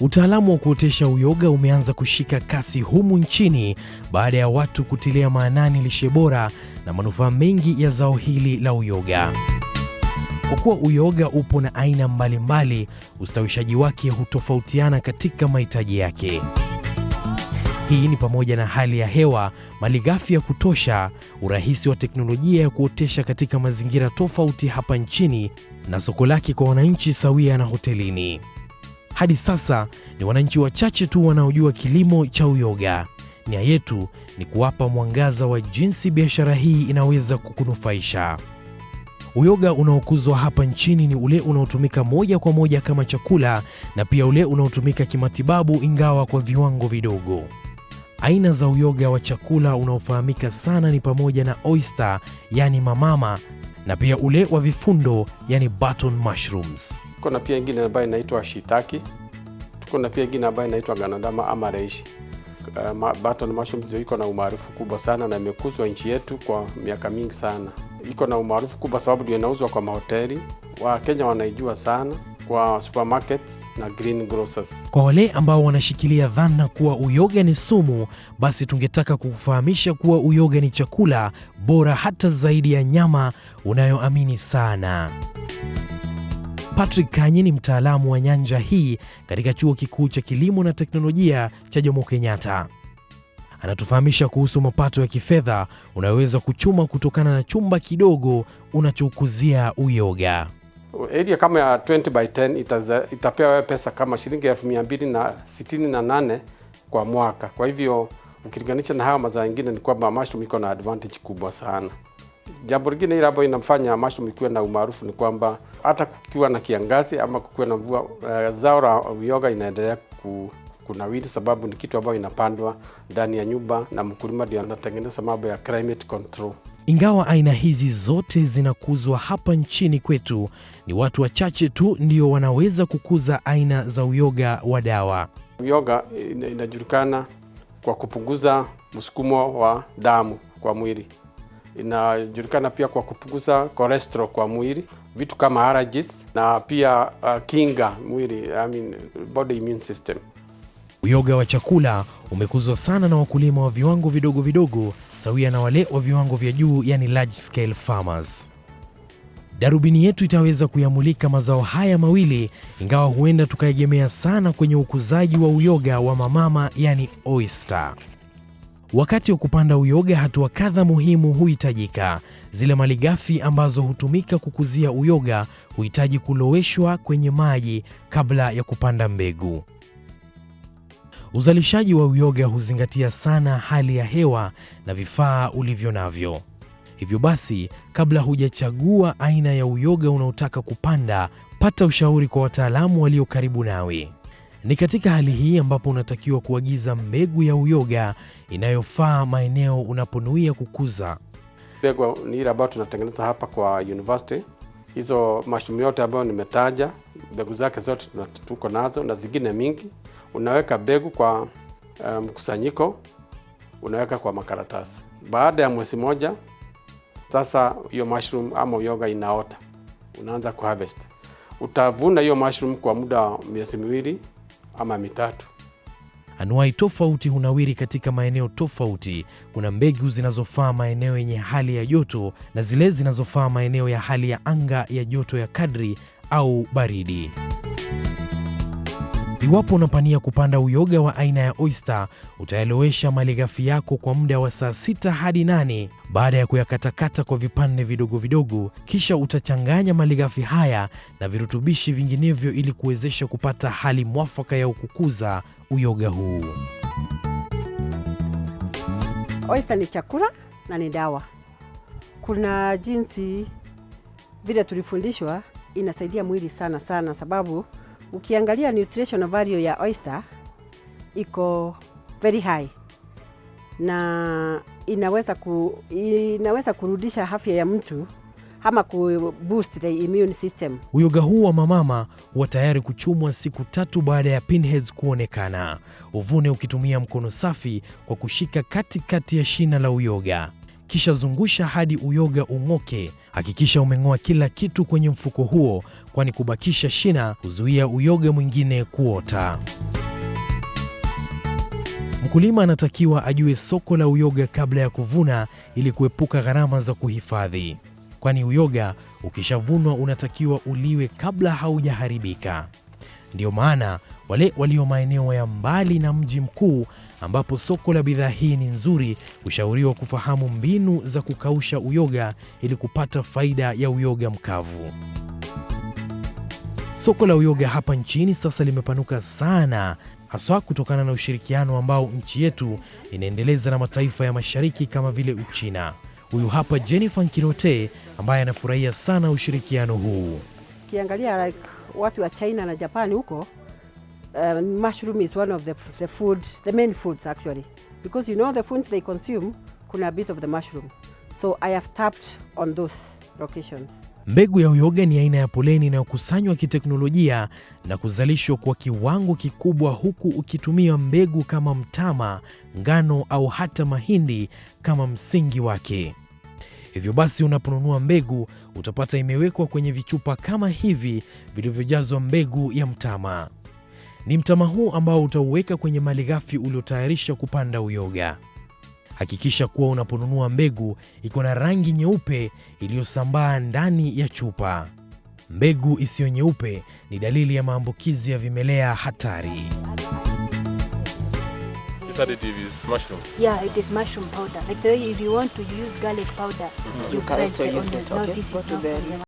Utaalamu wa kuotesha uyoga umeanza kushika kasi humu nchini baada ya watu kutilia maanani lishe bora na manufaa mengi ya zao hili la uyoga. Kwa kuwa uyoga upo na aina mbalimbali, ustawishaji wake hutofautiana katika mahitaji yake. Hii ni pamoja na hali ya hewa, malighafi ya kutosha, urahisi wa teknolojia ya kuotesha katika mazingira tofauti hapa nchini na soko lake kwa wananchi sawia na hotelini. Hadi sasa ni wananchi wachache tu wanaojua kilimo cha uyoga. Nia yetu ni kuwapa mwangaza wa jinsi biashara hii inaweza kukunufaisha. Uyoga unaokuzwa hapa nchini ni ule unaotumika moja kwa moja kama chakula na pia ule unaotumika kimatibabu, ingawa kwa viwango vidogo. Aina za uyoga wa chakula unaofahamika sana ni pamoja na oyster, yani mamama, na pia ule wa vifundo, yani button mushrooms. Tuko na pia ingine ambayo inaitwa shitaki. Tuko na pia ingine ambayo inaitwa ganadama ama reishi. Uh, eh, button mushroom hiyo iko na umaarufu kubwa sana na imekuzwa nchi yetu kwa miaka mingi sana. Iko na umaarufu kubwa sababu ndio inauzwa kwa mahoteli. Wakenya wanaijua sana kwa supermarket na green grocers. Kwa wale ambao wanashikilia dhana kuwa uyoga ni sumu, basi tungetaka kukufahamisha kuwa uyoga ni chakula bora hata zaidi ya nyama unayoamini sana. Patrick Kanyi ni mtaalamu wa nyanja hii katika Chuo Kikuu cha Kilimo na Teknolojia cha Jomo Kenyatta. Anatufahamisha kuhusu mapato ya kifedha unayoweza kuchuma kutokana na chumba kidogo unachokuzia uyoga. Area kama ya 20 by 10 itaza, itapewa wewe pesa kama shilingi elfu mia mbili na sitini na nane kwa mwaka. Kwa hivyo ukilinganisha na hayo mazao mengine, ni kwamba mushroom iko na advantage kubwa sana. Jambo lingine ile ambayo inafanya mushroom ikiwe na umaarufu ni kwamba hata kukiwa na kiangazi ama kukiwa na mvua, uh, zao la uyoga inaendelea ku kunawiri sababu ni kitu ambayo inapandwa ndani ya nyumba na mkulima ndio anatengeneza mambo ya climate control. Ingawa aina hizi zote zinakuzwa hapa nchini kwetu, ni watu wachache tu ndio wanaweza kukuza aina za uyoga wa dawa. Uyoga inajulikana kwa kupunguza msukumo wa damu kwa mwili. Inajulikana pia kwa kupunguza cholesterol kwa mwili, vitu kama allergies na pia uh, kinga mwili, I mean, body immune system. Uyoga wa chakula umekuzwa sana na wakulima wa viwango vidogo vidogo sawia na wale wa viwango vya juu, yani large scale farmers. Darubini yetu itaweza kuyamulika mazao haya mawili, ingawa huenda tukaegemea sana kwenye ukuzaji wa uyoga wa mamama, yani oyster. Wakati wa kupanda uyoga, hatua kadha muhimu huhitajika. Zile malighafi ambazo hutumika kukuzia uyoga huhitaji kuloweshwa kwenye maji kabla ya kupanda mbegu. Uzalishaji wa uyoga huzingatia sana hali ya hewa na vifaa ulivyo navyo. Hivyo basi, kabla hujachagua aina ya uyoga unaotaka kupanda, pata ushauri kwa wataalamu walio karibu nawe. Ni katika hali hii ambapo unatakiwa kuagiza mbegu ya uyoga inayofaa maeneo unaponuia kukuza. Mbegu ni ile ambayo tunatengeneza hapa kwa university. Hizo mashumu yote ambayo nimetaja, mbegu zake zote tuko nazo na zingine mingi. Unaweka mbegu kwa eh, mkusanyiko, um, unaweka kwa makaratasi. Baada ya mwezi moja, sasa hiyo mushroom ama uyoga inaota, unaanza kuharvest. Utavuna hiyo mushroom kwa muda wa miezi miwili ama mitatu. Anuai tofauti hunawiri katika maeneo tofauti. Kuna mbegu zinazofaa maeneo yenye hali ya joto na zile zinazofaa maeneo ya hali ya anga ya joto ya kadri au baridi. Iwapo unapania kupanda uyoga wa aina ya oyster, utayalowesha malighafi yako kwa muda wa saa sita hadi nane baada ya kuyakatakata kwa vipande vidogo vidogo, kisha utachanganya malighafi haya na virutubishi vinginevyo ili kuwezesha kupata hali mwafaka ya ukukuza uyoga huu. Oyster ni chakula na ni dawa. Kuna jinsi vile tulifundishwa, inasaidia mwili sana sana, sababu ukiangalia nutrition value ya oyster iko very high na inaweza, ku, inaweza kurudisha afya ya mtu ama ku boost the immune system. Uyoga huu wa mamama wa tayari kuchumwa siku tatu baada ya pinheads kuonekana. Uvune ukitumia mkono safi kwa kushika katikati kati ya shina la uyoga kisha zungusha hadi uyoga ung'oke. Hakikisha umeng'oa kila kitu kwenye mfuko huo, kwani kubakisha shina huzuia uyoga mwingine kuota. Mkulima anatakiwa ajue soko la uyoga kabla ya kuvuna ili kuepuka gharama za kuhifadhi, kwani uyoga ukishavunwa unatakiwa uliwe kabla haujaharibika. Ndiyo maana wale walio maeneo ya mbali na mji mkuu ambapo soko la bidhaa hii ni nzuri, hushauriwa kufahamu mbinu za kukausha uyoga ili kupata faida ya uyoga mkavu. Soko la uyoga hapa nchini sasa limepanuka sana, haswa kutokana na ushirikiano ambao nchi yetu inaendeleza na mataifa ya mashariki kama vile Uchina. Huyu hapa Jennifer Nkirote ambaye anafurahia sana ushirikiano huu. Ukiangalia like, watu wa China na Japani huko uh, mushroom is one of the, the food, the main foods actually. Because you know the foods they consume, kuna a bit of the mushroom. So I have tapped on those locations. Mbegu ya uyoga ni aina ya poleni inayokusanywa kiteknolojia na kuzalishwa kwa kiwango kikubwa huku ukitumia mbegu kama mtama, ngano au hata mahindi kama msingi wake. Hivyo basi, unaponunua mbegu utapata imewekwa kwenye vichupa kama hivi vilivyojazwa mbegu ya mtama. Ni mtama huu ambao utauweka kwenye malighafi uliotayarisha kupanda uyoga. Hakikisha kuwa unaponunua mbegu iko na rangi nyeupe iliyosambaa ndani ya chupa. Mbegu isiyo nyeupe ni dalili ya maambukizi ya vimelea hatari.